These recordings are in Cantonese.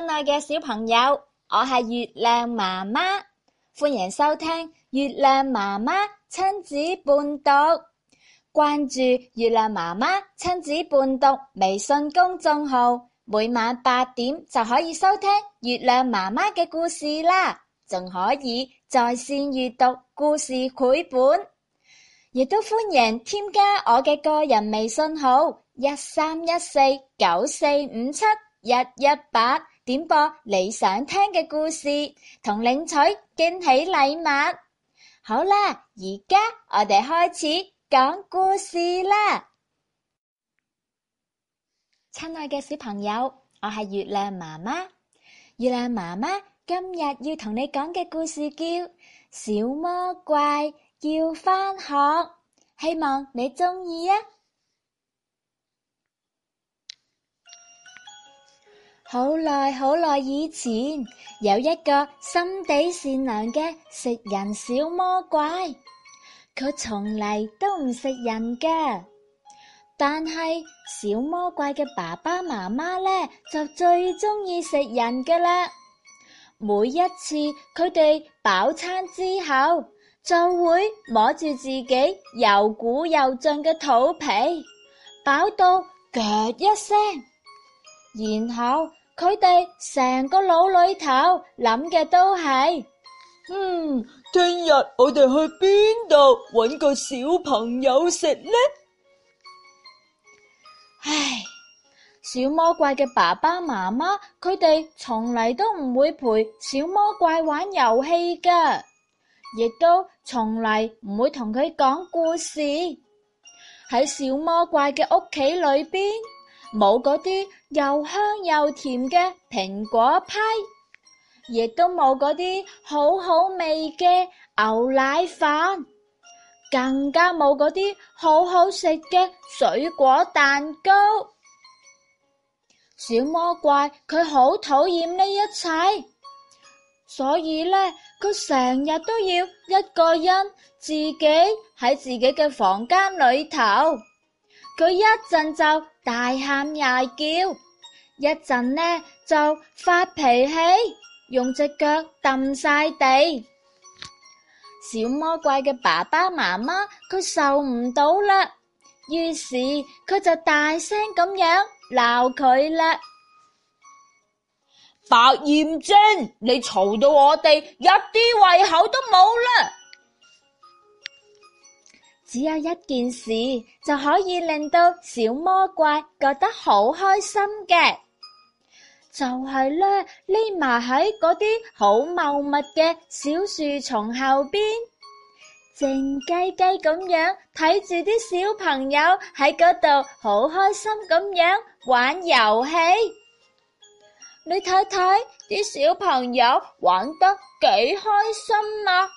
親愛嘅小朋友，我係月亮媽媽，歡迎收聽月亮媽媽親子伴讀。關注月亮媽媽親子伴讀微信公眾號，每晚八點就可以收聽月亮媽媽嘅故事啦，仲可以在綫閱讀故事繪本，亦都歡迎添加我嘅個人微信號一三一四九四五七一一八。點播你想聽嘅故事，同領取驚喜禮物。好啦，而家我哋開始講故事啦。親愛嘅小朋友，我係月亮媽媽。月亮媽媽今日要同你講嘅故事叫《小魔怪要返學》，希望你鍾意啊。好耐好耐以前，有一個心地善良嘅食人小魔怪。佢從嚟都唔食人嘅。但係小魔怪嘅爸爸媽媽咧，就最中意食人嘅啦。每一次佢哋飽餐之後，就會摸住自己又鼓又脹嘅肚皮，飽到腳一聲，然後。佢哋成個腦裏頭諗嘅都係，嗯，聽日我哋去邊度搵個小朋友食呢？唉，小魔怪嘅爸爸媽媽，佢哋從嚟都唔會陪小魔怪玩遊戲㗎，亦都從嚟唔會同佢講故事。喺小魔怪嘅屋企裏邊。冇嗰啲又香又甜嘅蘋果批，亦都冇嗰啲好好味嘅牛奶飯，更加冇嗰啲好好食嘅水果蛋糕。小魔怪佢好討厭呢一切，所以呢，佢成日都要一個人自己喺自己嘅房間裏頭。佢一陣就大喊大叫，一陣呢就發脾氣，用隻腳掟晒地。小魔怪嘅爸爸媽媽佢受唔到啦，於是佢就大聲咁樣鬧佢啦：白焰精，你嘈到我哋一啲胃口都冇啦！只有一件事就可以令到小魔怪覺得好開心嘅，就係咧，匿埋喺嗰啲好茂密嘅小樹叢後邊，靜雞雞咁樣睇住啲小朋友喺嗰度好開心咁樣玩遊戲。你睇睇啲小朋友玩得幾開心啊！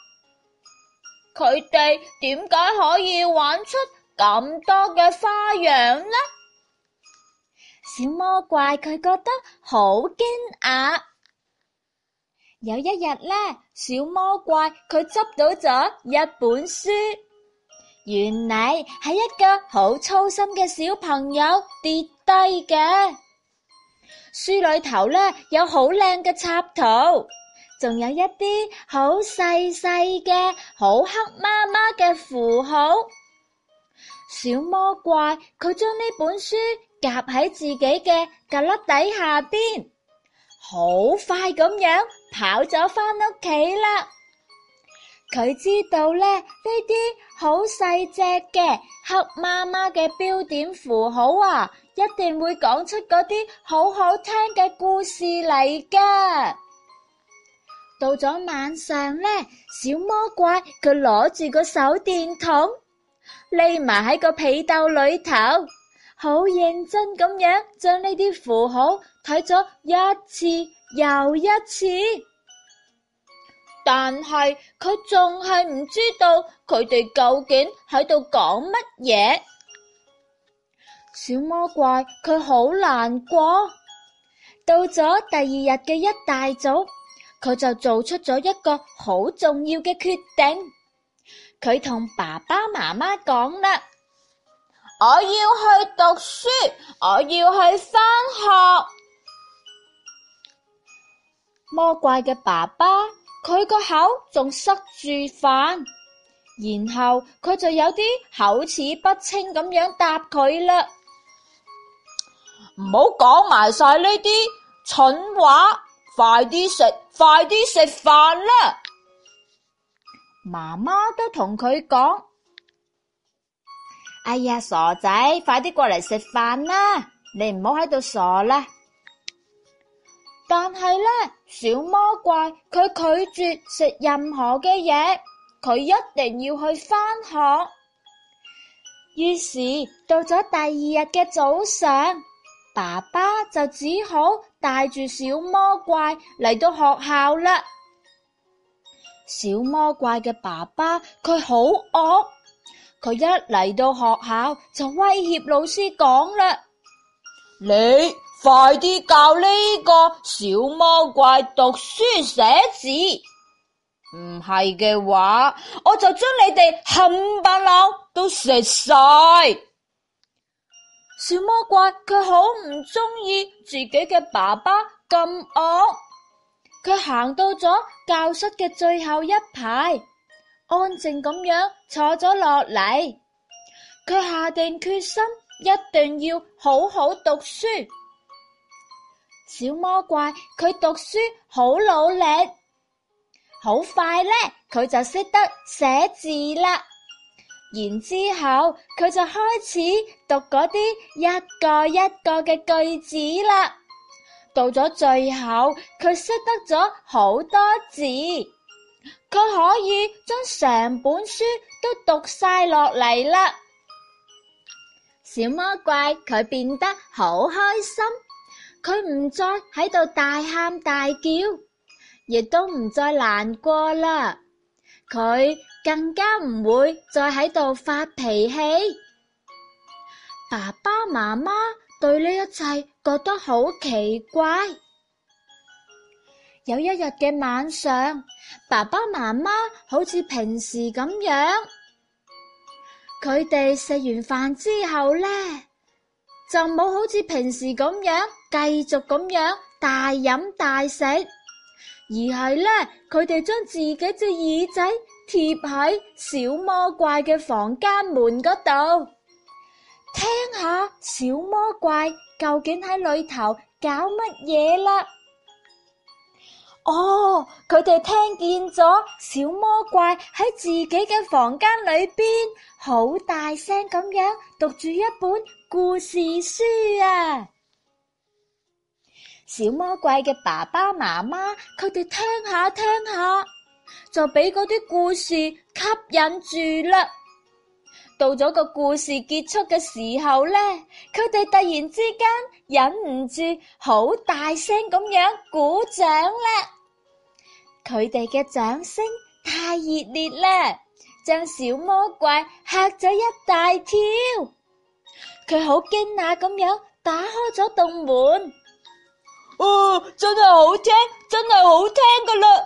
佢哋點解可以玩出咁多嘅花樣呢？小魔怪佢覺得好驚訝。有一日呢，小魔怪佢執到咗一本書，原來係一個好粗心嘅小朋友跌低嘅。書裏頭呢，有好靚嘅插圖。仲有一啲好細細嘅、好黑媽媽嘅符號，小魔怪佢將呢本書夾喺自己嘅格粒底下邊，好快咁樣跑咗翻屋企啦。佢知道咧，呢啲好細隻嘅黑媽媽嘅標點符號啊，一定會講出嗰啲好好聽嘅故事嚟噶。到咗晚上呢，小魔怪佢攞住個手電筒，匿埋喺個被竇裏頭，好認真咁樣將呢啲符號睇咗一次又一次，但係佢仲係唔知道佢哋究竟喺度講乜嘢。小魔怪佢好難過。到咗第二日嘅一大早，佢就做出咗一個好重要嘅決定，佢同爸爸媽媽講啦：我要去讀書，我要去返學。魔怪嘅爸爸，佢個口仲塞住飯，然後佢就有啲口齒不清咁樣答佢啦。唔好講埋晒呢啲蠢話。快啲食，快啲食飯啦！媽媽都同佢講：哎呀，傻仔，快啲過嚟食飯啦！你唔好喺度傻啦。但係呢，小魔怪佢拒絕食任何嘅嘢，佢一定要去翻學。於是到咗第二日嘅早上。爸爸就只好帶住小魔怪嚟到學校啦。小魔怪嘅爸爸佢好惡，佢一嚟到學校就威脅老師講啦：你快啲教呢個小魔怪讀書寫字，唔係嘅話我就將你哋冚唪唥都食晒！小魔怪佢好唔中意自己嘅爸爸咁惡，佢行到咗教室嘅最後一排，安靜咁樣坐咗落嚟。佢下定決心，一定要好好讀書。小魔怪佢讀書好努力，好快咧，佢就識得寫字啦。然之後，佢就開始讀嗰啲一個一個嘅句子啦。到咗最後，佢識得咗好多字，佢可以將成本書都讀晒落嚟啦。 小魔怪佢變得好開心，佢唔再喺度大喊大叫，亦都唔再難過啦。佢更加唔會再喺度發脾氣。爸爸媽媽對呢一切覺得好奇怪。有一日嘅晚上，爸爸媽媽好似平時咁樣，佢哋食完飯之後呢，就冇好似平時咁樣繼續咁樣大飲大食。而係咧，佢哋將自己隻耳仔貼喺小魔怪嘅房間門嗰度，聽下小魔怪究竟喺裏頭搞乜嘢啦。哦，佢哋聽見咗小魔怪喺自己嘅房間裏邊好大聲咁樣讀住一本故事書啊！小魔怪嘅爸爸媽媽，佢哋聽下聽下，就俾嗰啲故事吸引住啦。到咗個故事結束嘅時候咧，佢哋突然之間忍唔住，好大聲咁樣鼓掌啦。佢哋嘅掌聲太熱烈啦，將小魔怪嚇咗一大跳。佢好驚訝咁樣打開咗洞門。哦，真係好聽，真係好聽噶啦！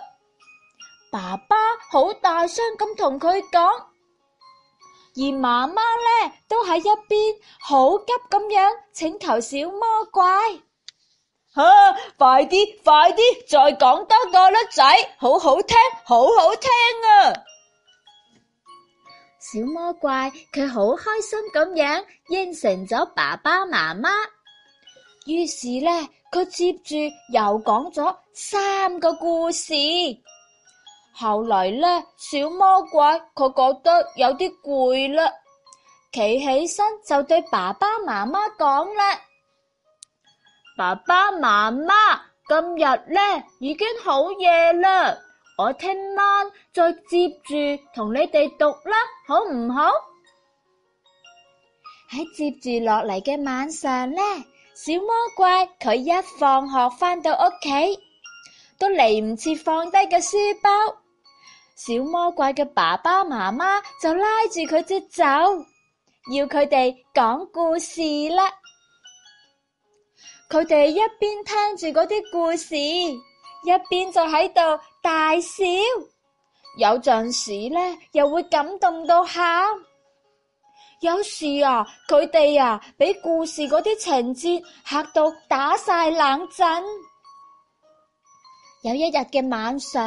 爸爸好大聲咁同佢講，而媽媽咧都喺一邊好急咁樣請求小魔怪，吓，快啲快啲再講多個啦，仔，好好聽好好聽啊！小魔怪佢好開心咁樣應承咗爸爸媽媽，於是咧。佢接住又講咗三個故事，後來呢，小魔怪佢覺得有啲攰嘞，企起身就對爸爸媽媽講啦：「爸爸媽媽今日呢已經好夜啦，我聽晚再接住同你哋讀啦，好唔好？喺接住落嚟嘅晚上呢。」小魔怪佢一放學返到屋企，都嚟唔切放低嘅書包。小魔怪嘅爸爸媽媽就拉住佢隻手，要佢哋講故事啦。佢哋一邊聽住嗰啲故事，一邊就喺度大笑。有陣時呢，又會感動到喊。有時啊，佢哋啊，俾故事嗰啲情節嚇到打晒冷震。有一日嘅晚上，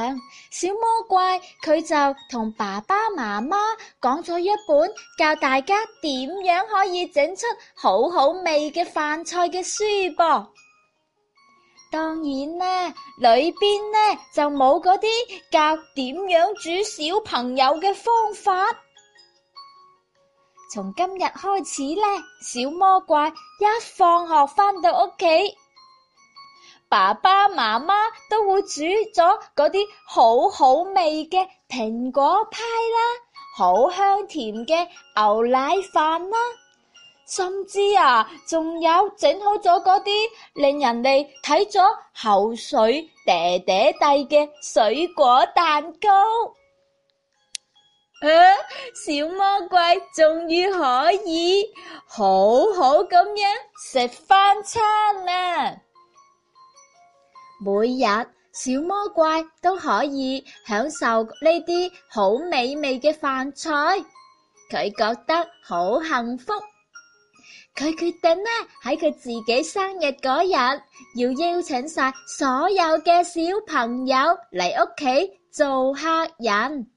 小魔怪佢就同爸爸媽媽講咗一本教大家點樣可以整出好好味嘅飯菜嘅書噃。當然呢，裏邊呢，就冇嗰啲教點樣煮小朋友嘅方法。從今日開始咧，小魔怪一放學翻到屋企，爸爸媽媽都會煮咗嗰啲好好味嘅蘋果派啦，好香甜嘅牛奶飯啦，甚至啊，仲有整好咗嗰啲令人哋睇咗口水嗲嗲地嘅水果蛋糕。啊！小魔怪終於可以好好咁樣食翻餐啦！每日小魔怪都可以享受呢啲好美味嘅飯菜，佢覺得好幸福。佢決定呢，喺佢自己生日嗰日，要邀請晒所有嘅小朋友嚟屋企做客人。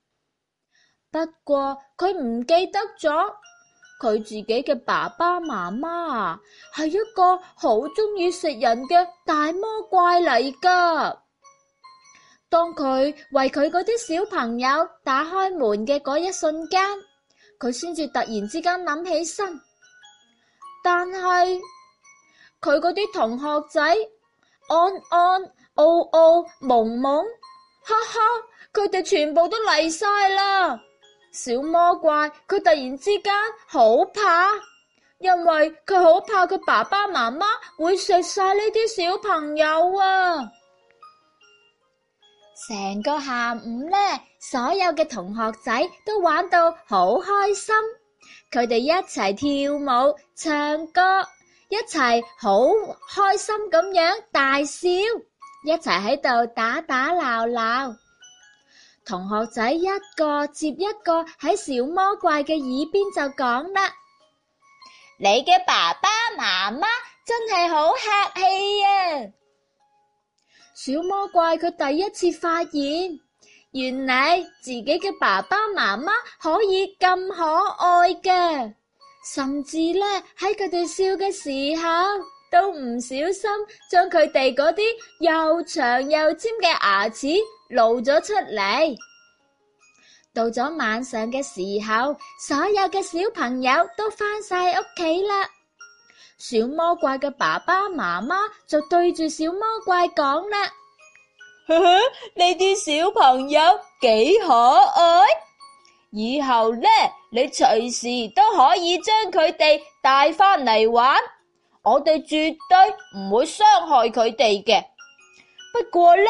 不過佢唔記得咗佢自己嘅爸爸媽媽啊，係一個好鍾意食人嘅大魔怪嚟㗎。當佢為佢嗰啲小朋友打開門嘅嗰一瞬間，佢先至突然之間諗起身。但係佢嗰啲同學仔安安、奧奧、蒙蒙，哈哈，佢哋全部都嚟晒啦。小魔怪佢突然之間好怕，因為佢好怕佢爸爸媽媽會食晒呢啲小朋友啊！成個下午呢，所有嘅同學仔都玩到好開心，佢哋一齊跳舞、唱歌，一齊好開心咁樣大笑，一齊喺度打打鬧鬧。同學仔一個接一個喺小魔怪嘅耳邊就講啦，你嘅爸爸媽媽真係好客氣啊！小魔怪佢第一次發現，原來自己嘅爸爸媽媽可以咁可愛嘅，甚至呢喺佢哋笑嘅時候，都唔小心將佢哋嗰啲又長又尖嘅牙齒露咗出嚟。到咗晚上嘅時候，所有嘅小朋友都翻晒屋企啦。小魔怪嘅爸爸媽媽就對住小魔怪講啦：呵呵，你啲小朋友幾可愛，以後呢，你隨時都可以將佢哋帶翻嚟玩。我哋絕對唔會傷害佢哋嘅，不過呢，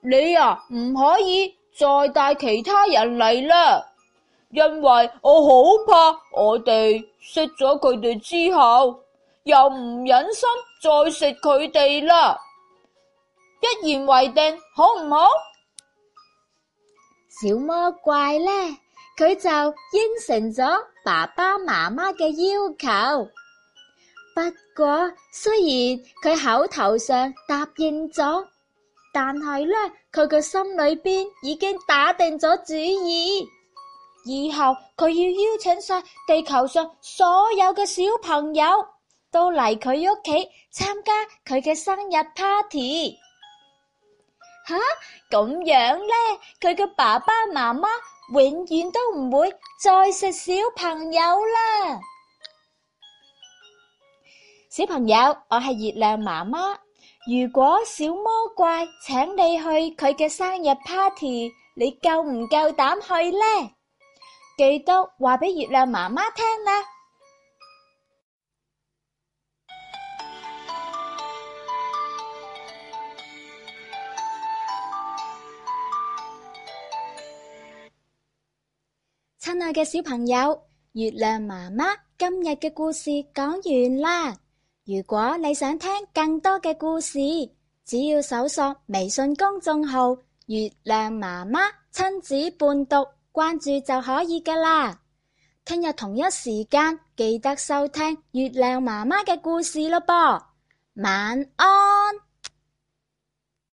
你啊唔可以再帶其他人嚟啦，因為我好怕我哋識咗佢哋之後，又唔忍心再食佢哋啦。一言為定，好唔好？小魔怪呢，佢就應承咗爸爸媽媽嘅要求。不過雖然佢口頭上答應咗，但係咧佢嘅心裏邊已經打定咗主意，以後佢要邀請晒地球上所有嘅小朋友都嚟佢屋企參加佢嘅生日 party。吓咁樣咧，佢嘅爸爸媽媽永遠都唔會再食小朋友啦。小朋友，我係月亮媽媽。如果小魔怪請你去佢嘅生日 party，你夠唔夠膽去呢？記得話俾月亮媽媽聽啦。親愛嘅小朋友，月亮媽媽今日嘅故事講完啦。如果你想聽更多嘅故事，只要搜索微信公眾號《月亮媽媽親子伴讀》，關注就可以㗎喇。聽日同一時間，記得收聽月亮媽媽嘅故事咯，噃。晚安。